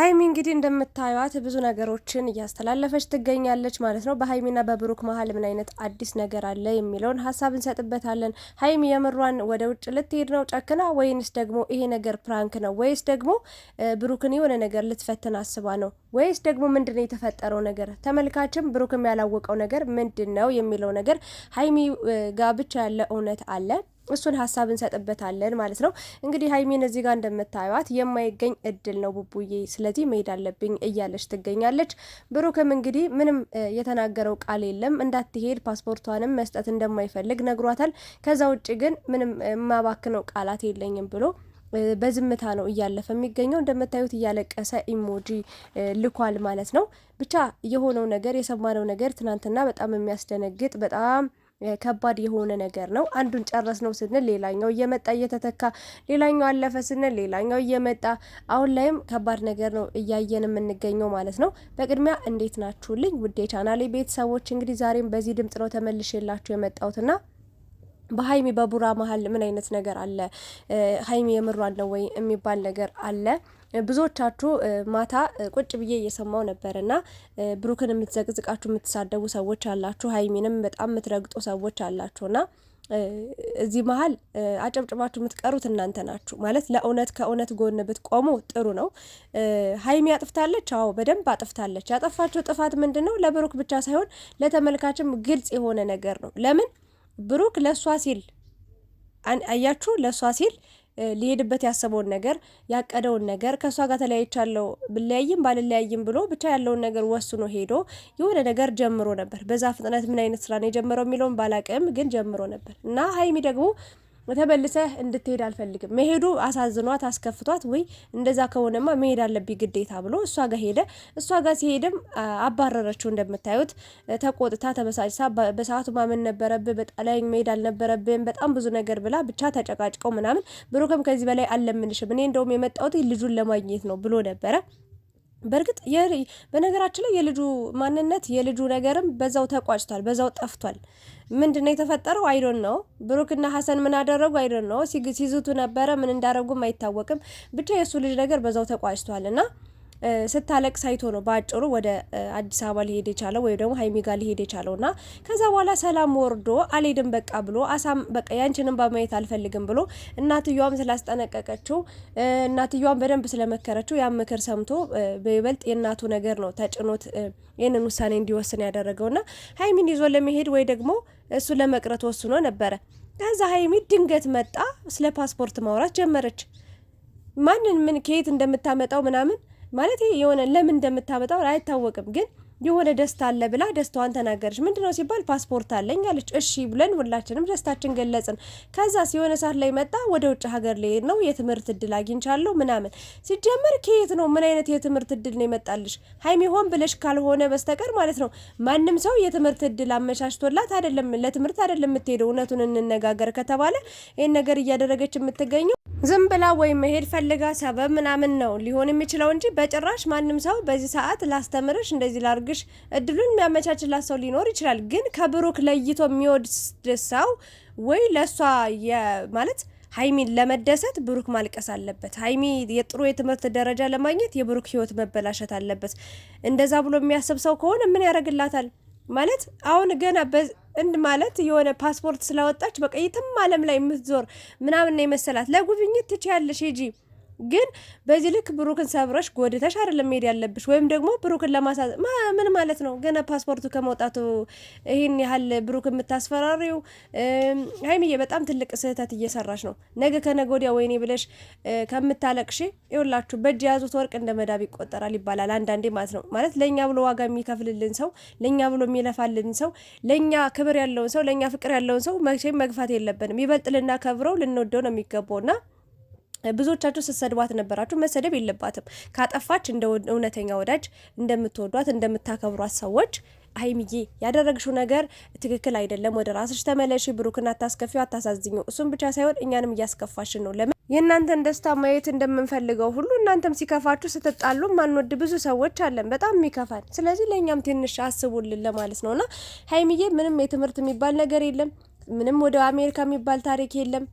ሀይሚ እንግዲህ እንደምታዩት ብዙ ነገሮችን እያስተላለፈች ትገኛለች ማለት ነው። በሀይሚና በብሩክ መሀል ምን አይነት አዲስ ነገር አለ የሚለውን ሀሳብ እንሰጥበታለን። ሀይሚ የምሯን ወደ ውጭ ልትሄድ ነው ጨክና፣ ወይንስ ደግሞ ይሄ ነገር ፕራንክ ነው፣ ወይስ ደግሞ ብሩክን የሆነ ነገር ልትፈትን አስባ ነው፣ ወይስ ደግሞ ምንድን ነው የተፈጠረው ነገር? ተመልካችም ብሩክም ያላወቀው ነገር ምንድን ነው የሚለው ነገር ሀይሚ ጋ ብቻ ያለ እውነት አለ እሱን ሀሳብ እንሰጥበታለን ማለት ነው። እንግዲህ ሀይሚን እዚህ ጋር እንደምታዩት የማይገኝ እድል ነው ቡቡዬ፣ ስለዚህ መሄድ አለብኝ እያለች ትገኛለች። ብሩክም እንግዲህ ምንም የተናገረው ቃል የለም እንዳትሄድ ፓስፖርቷንም መስጠት እንደማይፈልግ ነግሯታል። ከዛ ውጭ ግን ምንም የማባክነው ቃላት የለኝም ብሎ በዝምታ ነው እያለፈ የሚገኘው። እንደምታዩት እያለቀሰ ኢሞጂ ልኳል ማለት ነው። ብቻ የሆነው ነገር የሰማነው ነገር ትናንትና በጣም የሚያስደነግጥ በጣም ከባድ የሆነ ነገር ነው። አንዱን ጨረስ ነው ስንል ሌላኛው እየመጣ እየተተካ፣ ሌላኛው አለፈ ስንል ሌላኛው እየመጣ አሁን ላይም ከባድ ነገር ነው እያየን የምንገኘው ማለት ነው። በቅድሚያ እንዴት ናችሁልኝ ውዴ ቻናሌ ቤተሰቦች? እንግዲህ ዛሬም በዚህ ድምጽ ነው ተመልሼላችሁ የመጣሁትና በሀይሚ በቡራ መሀል ምን አይነት ነገር አለ? ሀይሚ የምሯን ነው ወይ የሚባል ነገር አለ። ብዙዎቻችሁ ማታ ቁጭ ብዬ እየሰማው እና ብሩክን የምትዘቅዝቃችሁ የምትሳደቡ ሰዎች አላችሁ፣ ሀይሚንም በጣም የምትረግጡ ሰዎች እና እዚህ መሀል አጨብጭባችሁ የምትቀሩት እናንተ ናችሁ። ማለት ለእውነት ከእውነት ጎን ብትቆሙ ጥሩ ነው። ሀይሚ አጥፍታለች። አዎ በደንብ አጥፍታለች። ያጠፋችው ጥፋት ምንድን ነው? ለብሩክ ብቻ ሳይሆን ለተመልካችም ግልጽ የሆነ ነገር ነው። ለምን ብሩክ ለእሷ ሲል አያችሁ፣ ለእሷ ሲል ሊሄድበት ያሰበውን ነገር ያቀደውን ነገር ከእሷ ጋር ተለያይቻለሁ ብለያይም ባልለያይም ብሎ ብቻ ያለውን ነገር ወስኖ ሄዶ የሆነ ነገር ጀምሮ ነበር። በዛ ፍጥነት ምን አይነት ስራ ነው የጀመረው የሚለውን ባላቅም ግን ጀምሮ ነበር እና ሀይሚ ደግሞ ተመልሰህ እንድትሄድ አልፈልግም። መሄዱ አሳዝኗት አስከፍቷት፣ ወይ እንደዛ ከሆነማ መሄድ አለብኝ ግዴታ ብሎ እሷ ጋር ሄደ። እሷ ጋር ሲሄድም አባረረችው። እንደምታዩት ተቆጥታ ተበሳጭታ በሰዓቱ ማመን ነበረብህ፣ በጣላይ መሄድ አልነበረብህም፣ በጣም ብዙ ነገር ብላ ብቻ ተጨቃጭቀው ምናምን። ብሩክም ከዚህ በላይ አለምንሽም እኔ እንደውም የመጣሁት ልጁን ለማግኘት ነው ብሎ ነበረ። በእርግጥ በነገራችን ላይ የልጁ ማንነት የልጁ ነገርም በዛው ተቋጭቷል፣ በዛው ጠፍቷል። ምንድን ነው የተፈጠረው? አይዶን ነው ብሩክና ሀሰን ምን አደረጉ? አይዶን ነው ሲዝቱ ነበረ። ምን እንዳደረጉም አይታወቅም። ብቻ የእሱ ልጅ ነገር በዛው ተቋጭቷል እና ስታለቅ ሳይቶ ነው በአጭሩ ወደ አዲስ አበባ ሊሄድ የቻለው ወይም ደግሞ ሀይሚ ጋር ሊሄድ የቻለው እና ከዛ በኋላ ሰላም ወርዶ አልሄድም በቃ ብሎ አሳም በቃ ያንችንም በማየት አልፈልግም ብሎ እናትየዋም ስላስጠነቀቀችው እናትየዋም በደንብ ስለመከረችው ያም ምክር ሰምቶ በይበልጥ የእናቱ ነገር ነው ተጭኖት ይህንን ውሳኔ እንዲወስን ያደረገው እና ሀይሚን ይዞ ለመሄድ ወይ ደግሞ እሱ ለመቅረት ወስኖ ነበረ። ከዛ ሀይሚ ድንገት መጣ። ስለ ፓስፖርት ማውራት ጀመረች። ማንን ምን ከየት እንደምታመጣው ምናምን ማለት የሆነ ለምን እንደምታመጣው አይታወቅም፣ ግን የሆነ ደስታ አለ ብላ ደስታዋን ተናገረች። ምንድነው ሲባል ፓስፖርት አለኝ አለች። እሺ ብለን ሁላችንም ደስታችን ገለጽን። ከዛ ሲሆነ ሰዓት ላይ መጣ፣ ወደ ውጭ ሀገር ሊሄድ ነው፣ የትምህርት እድል አግኝቻለሁ ምናምን። ሲጀመር ከየት ነው ምን አይነት የትምህርት እድል ነው የመጣልሽ? ሀይሚ ሆን ብለሽ ካልሆነ በስተቀር ማለት ነው። ማንም ሰው የትምህርት እድል አመቻችቶላት አይደለም፣ ለትምህርት አይደለም የምትሄደው። እውነቱን እንነጋገር ከተባለ ይህን ነገር እያደረገች የምትገኘው ዝም ብላ ወይም መሄድ ፈልጋ ሰበብ ምናምን ነው ሊሆን የሚችለው እንጂ በጭራሽ ማንም ሰው በዚህ ሰዓት ላስተምርሽ፣ እንደዚህ ላርግሽ እድሉን የሚያመቻችላት ሰው ሊኖር ይችላል። ግን ከብሩክ ለይቶ የሚወድ ሰው ወይ ለእሷ ማለት ሀይሚን ለመደሰት ብሩክ ማልቀስ አለበት። ሀይሚ የጥሩ የትምህርት ደረጃ ለማግኘት የብሩክ ህይወት መበላሸት አለበት። እንደዛ ብሎ የሚያስብ ሰው ከሆነ ምን ያደርግላታል? ማለት አሁን ገና እንድ ማለት የሆነ ፓስፖርት ስላወጣች በቃ የትም ዓለም ላይ የምትዞር ምናምን የመሰላት ለጉብኝት ትችያለሽ ሂጂ ግን በዚህ ልክ ብሩክን ሰብረሽ ጎድተሽ አይደለም መሄድ ያለብሽ። ወይም ደግሞ ብሩክን ለማሳ ምን ማለት ነው? ገና ፓስፖርቱ ከመውጣቱ ይህን ያህል ብሩክ የምታስፈራሪው ሀይሚዬ፣ በጣም ትልቅ ስህተት እየሰራሽ ነው። ነገ ከነገ ወዲያ ወይኔ ብለሽ ከምታለቅሽ ይውላችሁ፣ በእጅ የያዙት ወርቅ እንደ መዳብ ይቆጠራል ይባላል አንዳንዴ ማለት ነው። ማለት ለእኛ ብሎ ዋጋ የሚከፍልልን ሰው፣ ለእኛ ብሎ የሚለፋልን ሰው፣ ለእኛ ክብር ያለውን ሰው፣ ለእኛ ፍቅር ያለውን ሰው መቼም መግፋት የለብንም። ይበልጥ ልናከብረው ልንወደው ነው የሚገባውና ብዙዎቻችሁ ስትሰድቧት ነበራችሁ። መሰደብ የለባትም ካጠፋች እንደ እውነተኛ ወዳጅ እንደምትወዷት እንደምታከብሯት ሰዎች ሀይሚዬ ያደረግሽው ነገር ትክክል አይደለም፣ ወደ ራስሽ ተመለሽ፣ ብሩክን አታስከፊው፣ አታሳዝኘው። እሱም ብቻ ሳይሆን እኛንም እያስከፋሽን ነው። ለምን የእናንተን ደስታ ማየት እንደምንፈልገው ሁሉ እናንተም ሲከፋችሁ ስትጣሉ ማንወድ ብዙ ሰዎች አለን፣ በጣም የሚከፋን። ስለዚህ ለእኛም ትንሽ አስቡልን ለማለት ነውና ሀይሚዬ ምንም የትምህርት የሚባል ነገር የለም፣ ምንም ወደ አሜሪካ የሚባል ታሪክ የለም።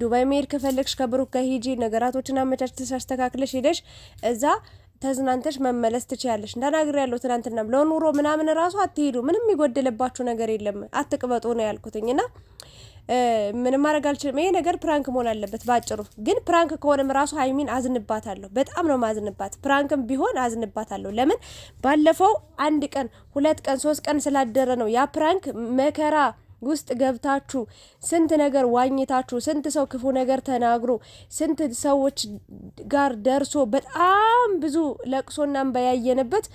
ዱባይ መሄድ ከፈለግሽ ከብሩክ ጋር ሂጂ። ነገራቶችን አመቻችተሽ አስተካክለሽ ሄደሽ እዛ ተዝናንተሽ መመለስ ትችያለሽ። እንዳናግር ያለው ትናንትና ለኑሮ ምናምን ራሱ አትሄዱ። ምንም የጎደለባችሁ ነገር የለም። አትቅበጡ ነው ያልኩትኝ እና ምንም ማድረግ አልችልም። ይሄ ነገር ፕራንክ መሆን አለበት ባጭሩ። ግን ፕራንክ ከሆነም ራሱ ሀይሚን አዝንባታለሁ። በጣም ነው ማዝንባት። ፕራንክም ቢሆን አዝንባታለሁ። ለምን ባለፈው አንድ ቀን ሁለት ቀን ሶስት ቀን ስላደረ ነው ያ ፕራንክ መከራ ውስጥ ገብታችሁ ስንት ነገር ዋኝታችሁ ስንት ሰው ክፉ ነገር ተናግሮ ስንት ሰዎች ጋር ደርሶ በጣም ብዙ ለቅሶና እንባ ያየንበት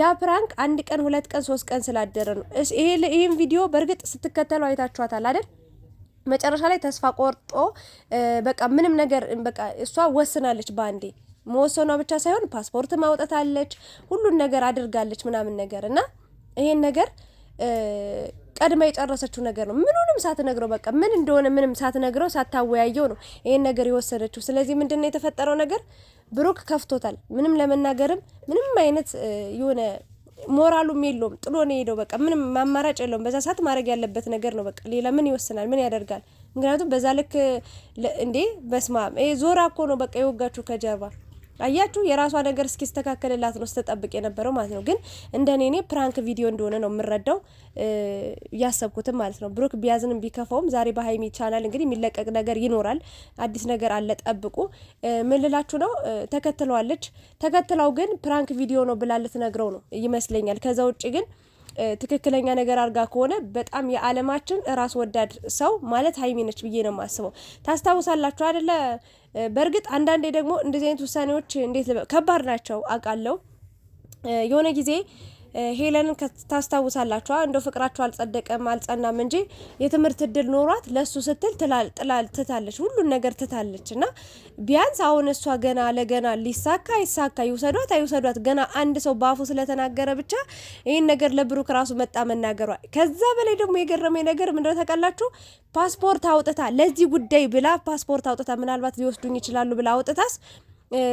ያ ፕራንክ አንድ ቀን ሁለት ቀን ሶስት ቀን ስላደረ ነው። ይህን ቪዲዮ በእርግጥ ስትከተሉ አይታችኋታል አይደል? መጨረሻ ላይ ተስፋ ቆርጦ በቃ ምንም ነገር በቃ እሷ ወስናለች በአንዴ መወሰኗ ብቻ ሳይሆን ፓስፖርት ማውጣት አለች፣ ሁሉን ነገር አድርጋለች ምናምን ነገር እና ይሄን ነገር ቀድማ የጨረሰችው ነገር ነው። ምኑንም ሳትነግረው በቃ ምን እንደሆነ ምንም ሳትነግረው ሳታወያየው ነው ይሄን ነገር የወሰደችው። ስለዚህ ምንድነው የተፈጠረው ነገር ብሩክ ከፍቶታል። ምንም ለመናገርም ምንም አይነት የሆነ ሞራሉም የለውም። ጥሎ ነው የሄደው። በቃ ምንም ማማራጭ የለውም። በዛ ሰዓት ማድረግ ያለበት ነገር ነው። በቃ ሌላ ምን ይወስናል? ምን ያደርጋል? ምክንያቱም በዛ ልክ እንዴ፣ በስማ ዞራ እኮ ነው በቃ የወጋችሁ ከጀርባ አያችሁ የራሷ ነገር እስኪስተካከልላት ነው ስትጠብቅ የነበረው ማለት ነው። ግን እንደኔ እኔ ፕራንክ ቪዲዮ እንደሆነ ነው የምረዳው እያሰብኩትም ማለት ነው። ብሩክ ቢያዝንም ቢከፋውም ዛሬ በሀይሚ ቻናል እንግዲህ የሚለቀቅ ነገር ይኖራል። አዲስ ነገር አለ ጠብቁ። ምልላችሁ ነው? ተከትለዋለች። ተከትለው ግን ፕራንክ ቪዲዮ ነው ብላ ልትነግረው ነው ይመስለኛል። ከዛ ውጭ ግን ትክክለኛ ነገር አድርጋ ከሆነ በጣም የዓለማችን ራስ ወዳድ ሰው ማለት ሀይሚ ነች ብዬ ነው የማስበው። ታስታውሳላችሁ አደለ? በእርግጥ አንዳንዴ ደግሞ እንደዚህ አይነት ውሳኔዎች እንዴት ከባድ ናቸው አውቃለሁ። የሆነ ጊዜ ሄለንን ታስታውሳላችኋ። እንደው ፍቅራቸው አልጸደቀም አልጸናም እንጂ የትምህርት እድል ኖሯት ለእሱ ስትል ትላል ትታለች፣ ሁሉን ነገር ትታለች። እና ቢያንስ አሁን እሷ ገና ለገና ሊሳካ ይሳካ ይውሰዷት አይውሰዷት ገና አንድ ሰው በአፉ ስለተናገረ ብቻ ይህን ነገር ለብሩክ ራሱ መጣ መናገሯ። ከዛ በላይ ደግሞ የገረመኝ ነገር ምንድነው ታውቃላችሁ? ፓስፖርት አውጥታ ለዚህ ጉዳይ ብላ ፓስፖርት አውጥታ ምናልባት ሊወስዱኝ ይችላሉ ብላ አውጥታስ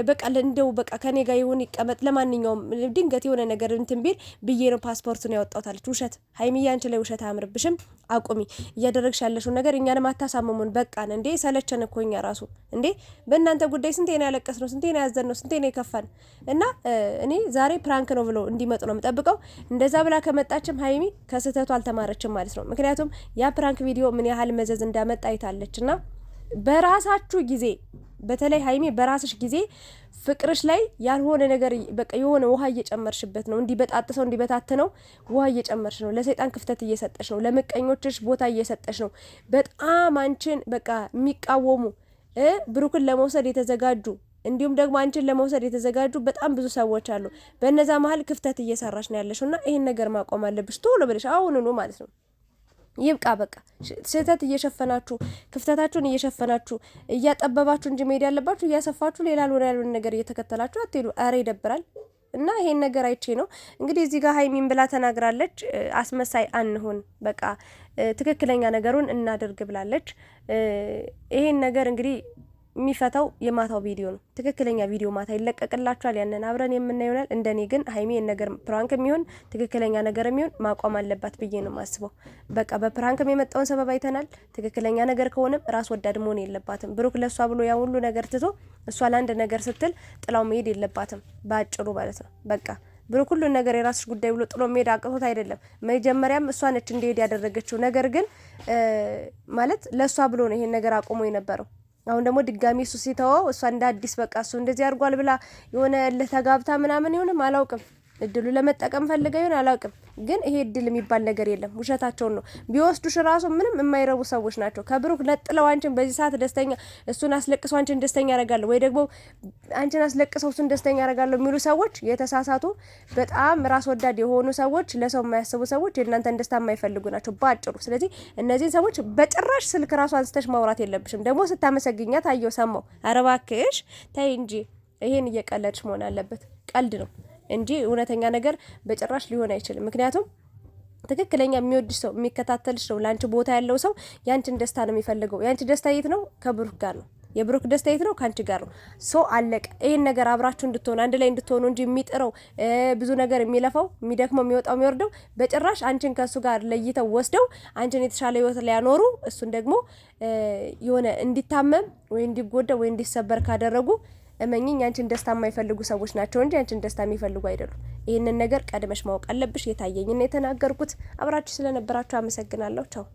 በቃ እንደው በቃ ከኔ ጋር ይሁን ይቀመጥ፣ ለማንኛውም ድንገት የሆነ ነገር እንትን ቢል ብዬ ነው ፓስፖርቱን ያወጣሁት አለች። ውሸት ሀይሚዬ፣ አንቺ ላይ ውሸት አያምርብሽም። አቁሚ እያደረግሽ ያለሽው ነገር እኛንም አታሳምሙን። በቃን እንዴ፣ ሰለቸን እኮ እኛ ራሱ እንዴ። በእናንተ ጉዳይ ስንቴ ነው ያለቀስ ነው፣ ስንቴ ነው ያዘን ነው፣ ስንቴ ነው የከፋን። እና እኔ ዛሬ ፕራንክ ነው ብሎ እንዲመጡ ነው የምጠብቀው። እንደዛ ብላ ከመጣችም ሀይሚ ከስህተቱ አልተማረችም ማለት ነው። ምክንያቱም ያ ፕራንክ ቪዲዮ ምን ያህል መዘዝ እንዳመጣ አይታለች እና በራሳችሁ ጊዜ በተለይ ሀይሜ በራስሽ ጊዜ ፍቅርሽ ላይ ያልሆነ ነገር በቃ የሆነ ውሃ እየጨመርሽበት ነው። እንዲበጣጥሰው እንዲበታትነው ውሃ እየጨመርሽ ነው። ለሰይጣን ክፍተት እየሰጠሽ ነው። ለምቀኞችሽ ቦታ እየሰጠሽ ነው። በጣም አንቺን በቃ የሚቃወሙ ብሩክን ለመውሰድ የተዘጋጁ እንዲሁም ደግሞ አንቺን ለመውሰድ የተዘጋጁ በጣም ብዙ ሰዎች አሉ። በእነዛ መሀል ክፍተት እየሰራሽ ነው ያለሽው እና ይህን ነገር ማቆም አለብሽ ቶሎ ብለሽ አሁኑኑ ማለት ነው። ይብቃ። በቃ ስህተት እየሸፈናችሁ ክፍተታችሁን እየሸፈናችሁ እያጠበባችሁ እንጂ መሄድ ያለባችሁ እያሰፋችሁ ሌላ ልሆነ ያልሆነ ነገር እየተከተላችሁ አትሄዱ። አረ ይደብራል። እና ይሄን ነገር አይቼ ነው እንግዲህ እዚህ ጋር ሀይሚን ብላ ተናግራለች። አስመሳይ አንሁን፣ በቃ ትክክለኛ ነገሩን እናደርግ ብላለች። ይሄን ነገር እንግዲህ የሚፈታው የማታው ቪዲዮ ነው። ትክክለኛ ቪዲዮ ማታ ይለቀቅላችኋል። ያንን አብረን የምናየው ይሆናል። እንደኔ ግን ሀይሜ ነገር ፕራንክ የሚሆን ትክክለኛ ነገር የሚሆን ማቋም አለባት ብዬ ነው የማስበው። በቃ በፕራንክ የመጣውን ሰበብ አይተናል። ትክክለኛ ነገር ከሆነም ራስ ወዳድ መሆን የለባትም። ብሩክ ለእሷ ብሎ ያ ሁሉ ነገር ትቶ እሷ ለአንድ ነገር ስትል ጥላው መሄድ የለባትም። በአጭሩ ማለት ነው በቃ ብሩክ ሁሉን ነገር የራስሽ ጉዳይ ብሎ ጥሎ መሄድ አቅቶት አይደለም። መጀመሪያም እሷ ነች እንዲሄድ ያደረገችው። ነገር ግን ማለት ለእሷ ብሎ ነው ይሄን ነገር አቁሞ የነበረው። አሁን ደግሞ ድጋሚ እሱ ሲተወው እሷ እንደ አዲስ በቃ እሱ እንደዚህ አድርጓል ብላ የሆነ ልተጋብታ ምናምን ይሆንም አላውቅም። እድሉ ለመጠቀም ፈልገ ይሆን አላውቅም፣ ግን ይሄ እድል የሚባል ነገር የለም። ውሸታቸውን ነው። ቢወስዱሽ ራሱ ምንም የማይረቡ ሰዎች ናቸው። ከብሩክ ለጥለው አንቺን በዚህ ሰዓት ደስተኛ እሱን አስለቅሰው አንቺን ደስተኛ ያደርጋለሁ ወይ ደግሞ አንቺን አስለቅሰው እሱን ደስተኛ ያደርጋለሁ የሚሉ ሰዎች የተሳሳቱ፣ በጣም ራስ ወዳድ የሆኑ ሰዎች፣ ለሰው የማያስቡ ሰዎች፣ የእናንተን ደስታ የማይፈልጉ ናቸው በአጭሩ። ስለዚህ እነዚህን ሰዎች በጭራሽ ስልክ ራሱ አንስተሽ ማውራት የለብሽም። ደግሞ ስታመሰግኛት አየው ሰማው። አረባክሽ እባክሽ ተይ እንጂ ይሄን እየቀለድሽ መሆን አለበት። ቀልድ ነው። እንጂ እውነተኛ ነገር በጭራሽ ሊሆን አይችልም። ምክንያቱም ትክክለኛ የሚወድሽ ሰው የሚከታተልሽ ሰው ለአንቺ ቦታ ያለው ሰው የአንቺን ደስታ ነው የሚፈልገው። የአንቺ ደስታ የት ነው? ከብሩክ ጋር ነው። የብሩክ ደስታ የት ነው? ከአንቺ ጋር ነው። ሶ አለቀ። ይህን ነገር አብራችሁ እንድትሆኑ አንድ ላይ እንድትሆኑ እንጂ የሚጥረው ብዙ ነገር የሚለፋው የሚደክመው የሚወጣው የሚወርደው በጭራሽ አንቺን ከእሱ ጋር ለይተው ወስደው አንቺን የተሻለ ህይወት ሊያኖሩ እሱን ደግሞ የሆነ እንዲታመም ወይ እንዲጎዳ ወይ እንዲሰበር ካደረጉ እመኝኝ አንቺን ደስታ የማይፈልጉ ሰዎች ናቸው እንጂ አንቺን ደስታ የሚፈልጉ አይደሉም። ይህንን ነገር ቀድመሽ ማወቅ አለብሽ። የታየኝና የተናገርኩት። አብራችሁ ስለነበራችሁ አመሰግናለሁ። ቻው